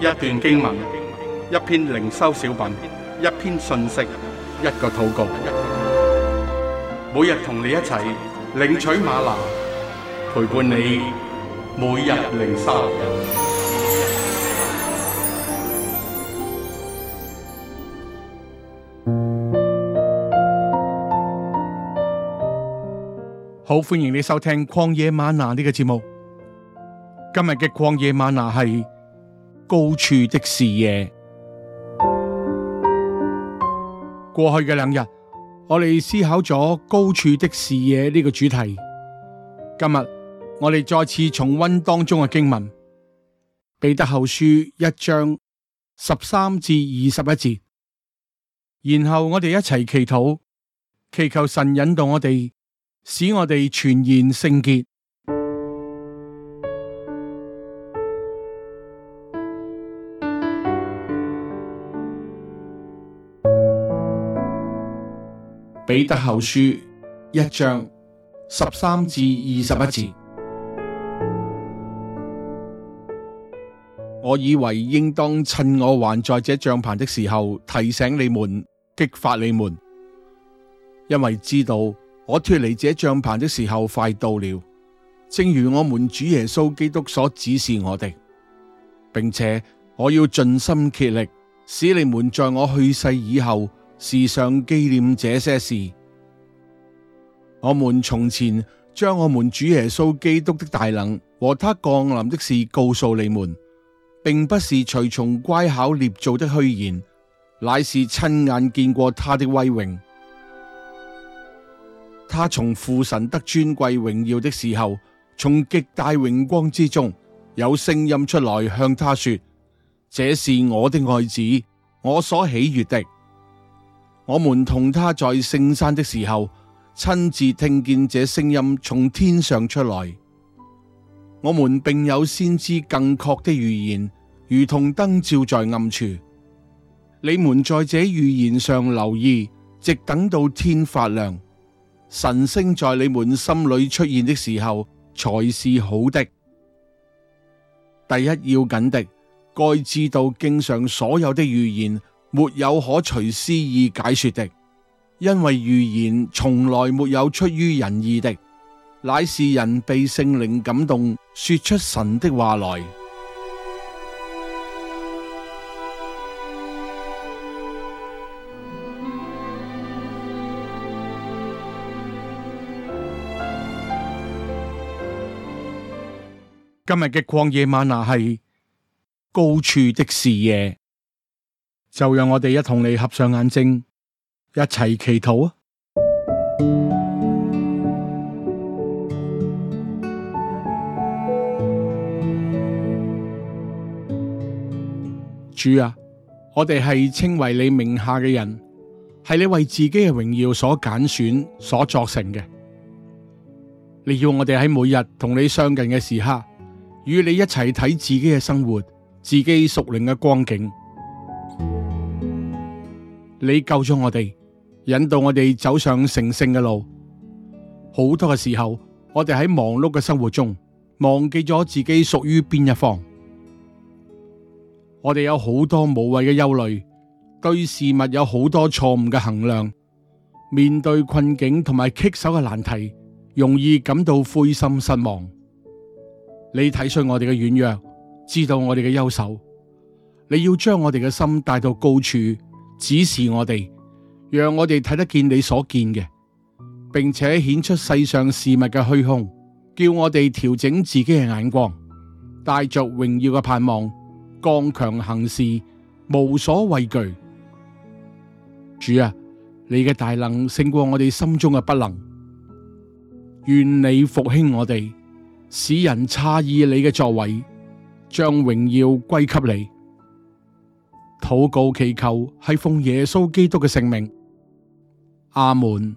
一段經文，一篇靈修小品，一篇信息，一個禱告。每日同你一齊領取嗎哪，陪伴你每日靈修。好，歡迎你收聽《曠野嗎哪》呢個節目。今日嘅《曠野嗎哪》係。高處的視野。過去嘅兩日，我哋思考咗高處的視野呢個主題。今日我哋再次重溫當中嘅經文，彼得後書一章十三至二十一節。然後我哋一齊祈禱，祈求神引導我哋，使我哋全然聖潔。彼得後書一章十三至二十一節，我以為應當趁我還在這帳棚的時候，提醒你們、激發你們，因為知道我脫離這帳棚的時候快到了，正如我們主耶穌基督所指示我的，並且我要盡心竭力，使你們在我去世以後。時常紀念這些事。我們從前將我們主耶穌基督的大能和他降臨的事告訴你們，並不是隨從乖巧捏造的虛言，乃是親眼見過他的威榮。他從父神得尊貴榮耀的時候，從極大榮光之中，有聲音出來向他說：這是我的愛子，我所喜悅的。我們同他在聖山的時候，親自聽見這聲音從天上出來。我們並有先知更確的預言，如同燈照在暗處。你們在這預言上留意，直等到天發亮，晨星在你們心裏出現的時候，才是好的。第一要緊的，該知道經上所有的預言。沒有可隨私意解說的，因為預言從來沒有出於人意的，乃是人被聖靈感動，說出神的話來。今日嘅曠野嗎哪係高處的視野。就讓我哋一同你合上眼睛，一齊祈禱啊！主啊，我哋係稱為你名下嘅人，係你為自己嘅榮耀所揀選、所作成嘅。你要我哋喺每日同你相近嘅時刻，與你一齊睇自己嘅生活、自己屬靈嘅光景。你救咗我哋，引導我哋走上成聖嘅路。好多嘅時候，我哋喺忙碌嘅生活中忘記咗自己屬於邊一方。我哋有好多無謂嘅憂慮，對事物有好多錯誤嘅衡量。面對困境同埋棘手嘅難題，容易感到灰心失望。你睇出我哋嘅軟弱，知道我哋嘅優秀。你要將我哋嘅心帶到高處，指示我哋，讓我哋睇得見你所見嘅，並且顯出世上事物嘅虛空，叫我哋調整自己嘅眼光，帶着榮耀嘅盼望，剛強行事，無所畏懼。主啊，你嘅大能勝過我哋心中嘅不能，願你復興我哋，使人詫異你嘅作為，將榮耀歸給你。禱告祈求係奉耶穌基督嘅聖名，阿門。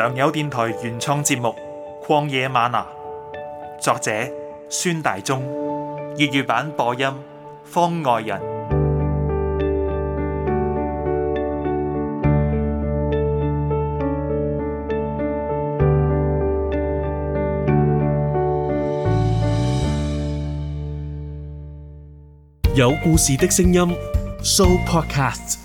良友電台原創節目《曠野嗎哪》，作者孫大中，粵語版播音方外人，有故事的聲音，Show Podcast。